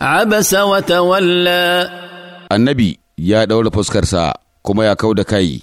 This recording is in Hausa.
abasa wa tawalla annabi ya daura fuskarsa kuma ya kau da kai